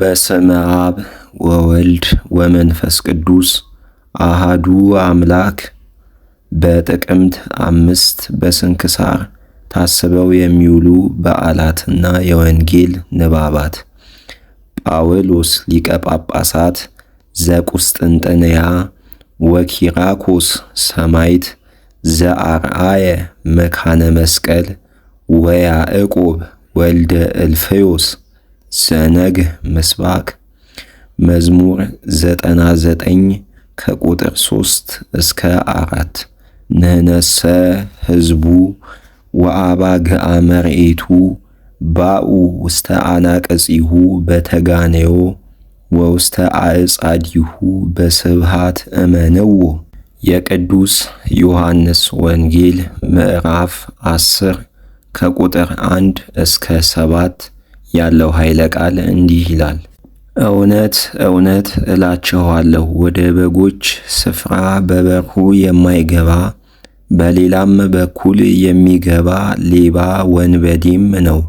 በስመ አብ ወወልድ ወመንፈስ ቅዱስ አሃዱ አምላክ። በጥቅምት አምስት በስንክሳር ታስበው የሚውሉ በዓላትና የወንጌል ንባባት ጳውሎስ ሊቀ ጳጳሳት ዘቁስጥንጥንያ ወኪራኮስ ሰማይት ዘአርአየ መካነ መስቀል ወያዕቆብ ወልደ እልፍዮስ ዘነግህ ምስባክ መዝሙር 99 ከቁጥር 3 እስከ አራት ንህነሰ ህዝቡ ወአባግ አመርኤቱ ባኡ ውስተ አናቀጺሁ በተጋነዮ ወውስተ አዕጻዲሁ በስብሃት እመንዎ። የቅዱስ ዮሐንስ ወንጌል ምዕራፍ 10 ከቁጥር 1 እስከ ሰባት ያለው ኃይለ ቃል እንዲህ ይላል። እውነት እውነት እላችኋለሁ ወደ በጎች ስፍራ በበሩ የማይገባ በሌላም በኩል የሚገባ ሌባ ወንበዴም ነው።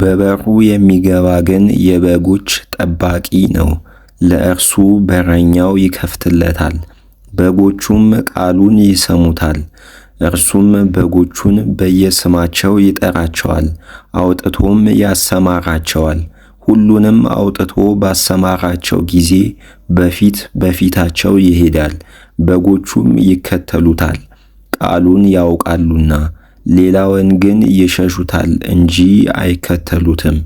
በበሩ የሚገባ ግን የበጎች ጠባቂ ነው። ለእርሱ በረኛው ይከፍትለታል፣ በጎቹም ቃሉን ይሰሙታል። እርሱም በጎቹን በየስማቸው ይጠራቸዋል፣ አውጥቶም ያሰማራቸዋል። ሁሉንም አውጥቶ ባሰማራቸው ጊዜ በፊት በፊታቸው ይሄዳል፣ በጎቹም ይከተሉታል፣ ቃሉን ያውቃሉና። ሌላውን ግን ይሸሹታል እንጂ አይከተሉትም፣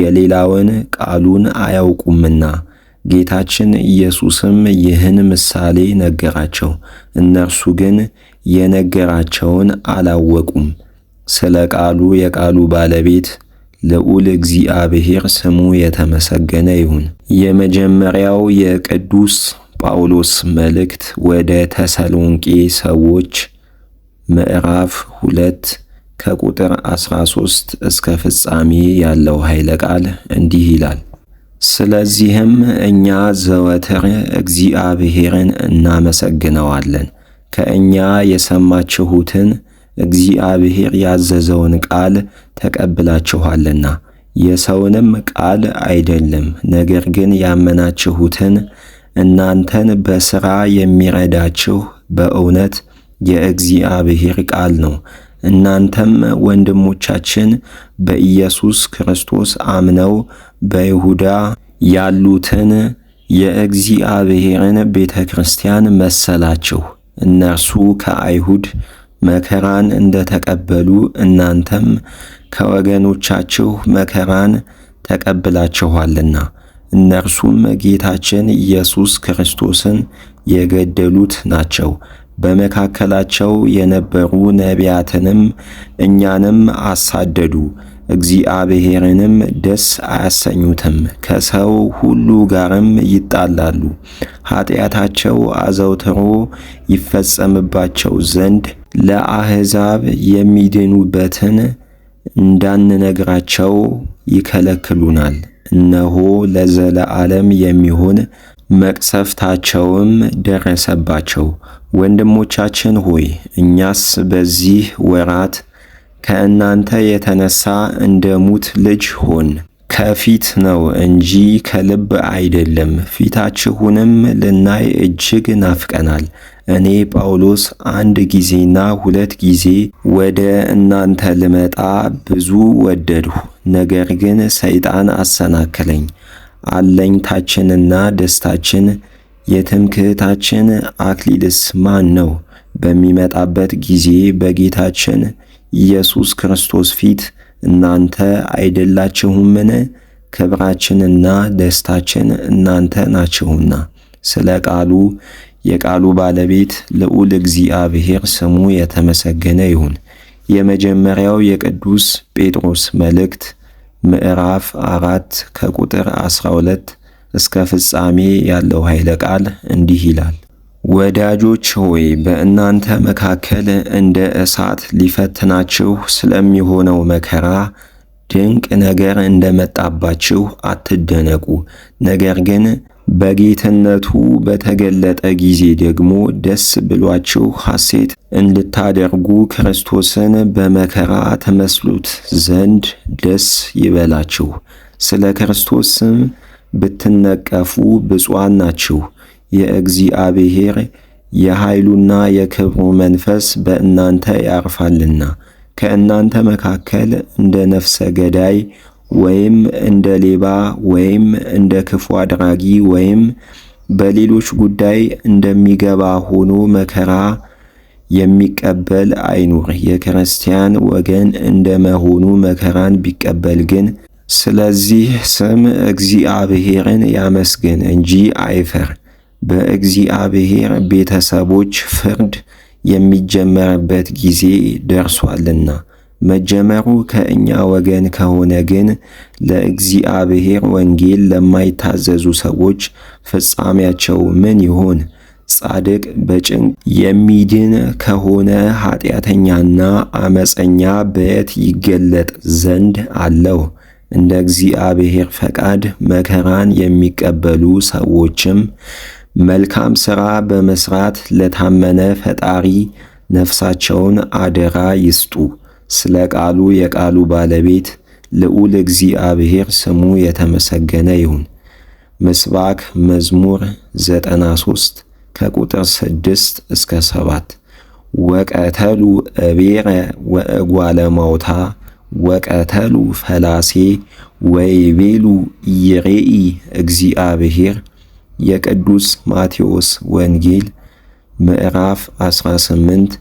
የሌላውን ቃሉን አያውቁምና። ጌታችን ኢየሱስም ይህን ምሳሌ ነገራቸው። እነርሱ ግን የነገራቸውን አላወቁም። ስለ ቃሉ የቃሉ ባለቤት ልዑል እግዚአብሔር ስሙ የተመሰገነ ይሁን። የመጀመሪያው የቅዱስ ጳውሎስ መልእክት ወደ ተሰሎንቄ ሰዎች ምዕራፍ ሁለት ከቁጥር 13 እስከ ፍጻሜ ያለው ኃይለ ቃል እንዲህ ይላል። ስለዚህም እኛ ዘወትር እግዚአብሔርን እናመሰግነዋለን ከእኛ የሰማችሁትን እግዚአብሔር ያዘዘውን ቃል ተቀብላችኋልና የሰውንም ቃል አይደለም፣ ነገር ግን ያመናችሁትን እናንተን በሥራ የሚረዳችሁ በእውነት የእግዚአብሔር ቃል ነው። እናንተም ወንድሞቻችን በኢየሱስ ክርስቶስ አምነው በይሁዳ ያሉትን የእግዚአብሔርን ቤተ ክርስቲያን መሰላችሁ። እነርሱ ከአይሁድ መከራን እንደ ተቀበሉ እናንተም ከወገኖቻችሁ መከራን ተቀብላችኋልና። እነርሱም ጌታችን ኢየሱስ ክርስቶስን የገደሉት ናቸው። በመካከላቸው የነበሩ ነቢያትንም እኛንም አሳደዱ። እግዚአብሔርንም ደስ አያሰኙትም፣ ከሰው ሁሉ ጋርም ይጣላሉ። ኃጢአታቸው አዘውትሮ ይፈጸምባቸው ዘንድ ለአሕዛብ የሚድኑበትን እንዳንነግራቸው ይከለክሉናል። እነሆ ለዘለዓለም የሚሆን መቅሰፍታቸውም ደረሰባቸው። ወንድሞቻችን ሆይ እኛስ በዚህ ወራት ከእናንተ የተነሳ እንደ ሙት ልጅ ሆን። ከፊት ነው እንጂ ከልብ አይደለም። ፊታችሁንም ልናይ እጅግ ናፍቀናል። እኔ ጳውሎስ አንድ ጊዜና ሁለት ጊዜ ወደ እናንተ ልመጣ ብዙ ወደድሁ፣ ነገር ግን ሰይጣን አሰናክለኝ። አለኝታችንና ደስታችን የትምክህታችን አክሊልስ ማን ነው? በሚመጣበት ጊዜ በጌታችን ኢየሱስ ክርስቶስ ፊት እናንተ አይደላችሁምን? ክብራችንና ደስታችን እናንተ ናችሁና። ስለ ቃሉ የቃሉ ባለቤት ልዑል እግዚአብሔር ስሙ የተመሰገነ ይሁን። የመጀመሪያው የቅዱስ ጴጥሮስ መልእክት ምዕራፍ አራት ከቁጥር 12 እስከ ፍጻሜ ያለው ኃይለ ቃል እንዲህ ይላል። ወዳጆች ሆይ በእናንተ መካከል እንደ እሳት ሊፈትናችሁ ስለሚሆነው መከራ ድንቅ ነገር እንደመጣባችሁ አትደነቁ። ነገር ግን በጌትነቱ በተገለጠ ጊዜ ደግሞ ደስ ብሏችሁ ሐሴት እንድታደርጉ ክርስቶስን በመከራ ትመስሉት ዘንድ ደስ ይበላችሁ። ስለ ክርስቶስ ስም ብትነቀፉ ብፁዓን ናችሁ የእግዚአብሔር የኃይሉና የክብሩ መንፈስ በእናንተ ያርፋልና ከእናንተ መካከል እንደ ነፍሰ ገዳይ ወይም እንደ ሌባ ወይም እንደ ክፉ አድራጊ ወይም በሌሎች ጉዳይ እንደሚገባ ሆኖ መከራ የሚቀበል አይኑር። የክርስቲያን ወገን እንደ መሆኑ መከራን ቢቀበል ግን ስለዚህ ስም እግዚአብሔርን ያመስግን እንጂ አይፈር። በእግዚአብሔር ቤተሰቦች ፍርድ የሚጀመርበት ጊዜ ደርሷልና መጀመሩ ከእኛ ወገን ከሆነ ግን ለእግዚአብሔር ወንጌል ለማይታዘዙ ሰዎች ፍጻሜያቸው ምን ይሆን? ጻድቅ በጭንቅ የሚድን ከሆነ ኃጢአተኛና አመፀኛ በየት ይገለጥ ዘንድ አለው? እንደ እግዚአብሔር ፈቃድ መከራን የሚቀበሉ ሰዎችም መልካም ሥራ በመሥራት ለታመነ ፈጣሪ ነፍሳቸውን አደራ ይስጡ። ስለ ቃሉ የቃሉ ባለቤት ልዑል እግዚአብሔር ስሙ የተመሰገነ ይሁን። ምስባክ መዝሙር 93 ከቁጥር 6 እስከ 7 ወቀተሉ እቤረ ማውታ ወቀተሉ ፈላሴ ወይቤሉ ይሬኢ እግዚአብሔር የቅዱስ ማቴዎስ ወንጌል ምዕራፍ 18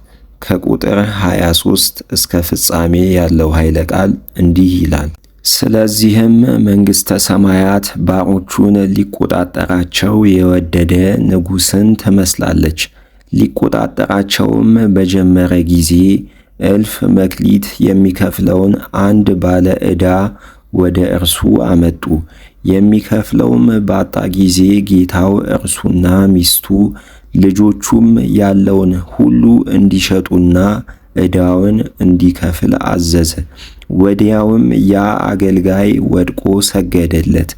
ከቁጥር 23 እስከ ፍጻሜ ያለው ኃይለ ቃል እንዲህ ይላል። ስለዚህም መንግሥተ ሰማያት ባሮቹን ሊቆጣጠራቸው የወደደ ንጉሥን ትመስላለች። ሊቆጣጠራቸውም በጀመረ ጊዜ እልፍ መክሊት የሚከፍለውን አንድ ባለ ዕዳ ወደ እርሱ አመጡ። የሚከፍለውም ባጣ ጊዜ ጌታው እርሱና ሚስቱ ልጆቹም ያለውን ሁሉ እንዲሸጡና ዕዳውን እንዲከፍል አዘዘ። ወዲያውም ያ አገልጋይ ወድቆ ሰገደለት።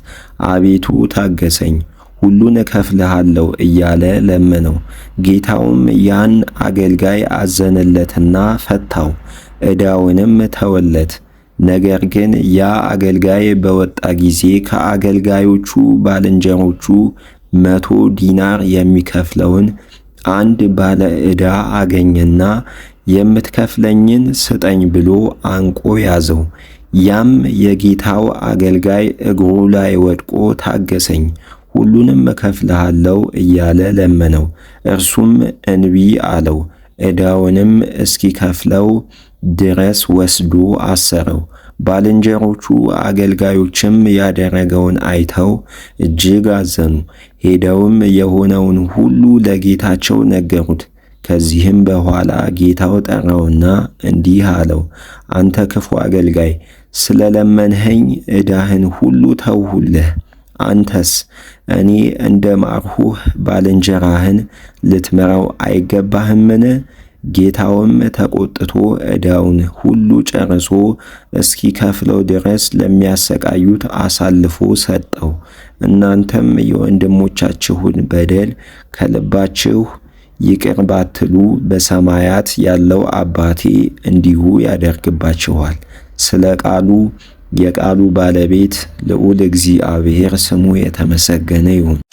አቤቱ ታገሰኝ፣ ሁሉን እከፍልሃለሁ እያለ ለመነው። ጌታውም ያን አገልጋይ አዘነለትና ፈታው፣ ዕዳውንም ተወለት። ነገር ግን ያ አገልጋይ በወጣ ጊዜ ከአገልጋዮቹ ባልንጀሮቹ መቶ ዲናር የሚከፍለውን አንድ ባለ ዕዳ አገኘና የምትከፍለኝን ስጠኝ ብሎ አንቆ ያዘው። ያም የጌታው አገልጋይ እግሩ ላይ ወድቆ ታገሰኝ፣ ሁሉንም እከፍልሃለሁ እያለ ለመነው። እርሱም እንቢ አለው። ዕዳውንም እስኪከፍለው ድረስ ወስዶ አሰረው። ባልንጀሮቹ አገልጋዮችም ያደረገውን አይተው እጅግ አዘኑ። ሄደውም የሆነውን ሁሉ ለጌታቸው ነገሩት። ከዚህም በኋላ ጌታው ጠራውና እንዲህ አለው፣ አንተ ክፉ አገልጋይ፣ ስለ ለመንኸኝ ዕዳህን ሁሉ ተውሁልህ። አንተስ እኔ እንደ ማርሁህ ባልንጀራህን ልትምረው አይገባህምን? ጌታውም ተቆጥቶ ዕዳውን ሁሉ ጨርሶ እስኪከፍለው ድረስ ለሚያሰቃዩት አሳልፎ ሰጠው። እናንተም የወንድሞቻችሁን በደል ከልባችሁ ይቅር ባትሉ በሰማያት ያለው አባቴ እንዲሁ ያደርግባችኋል። ስለ ቃሉ የቃሉ ባለቤት ልዑል እግዚአብሔር ስሙ የተመሰገነ ይሁን።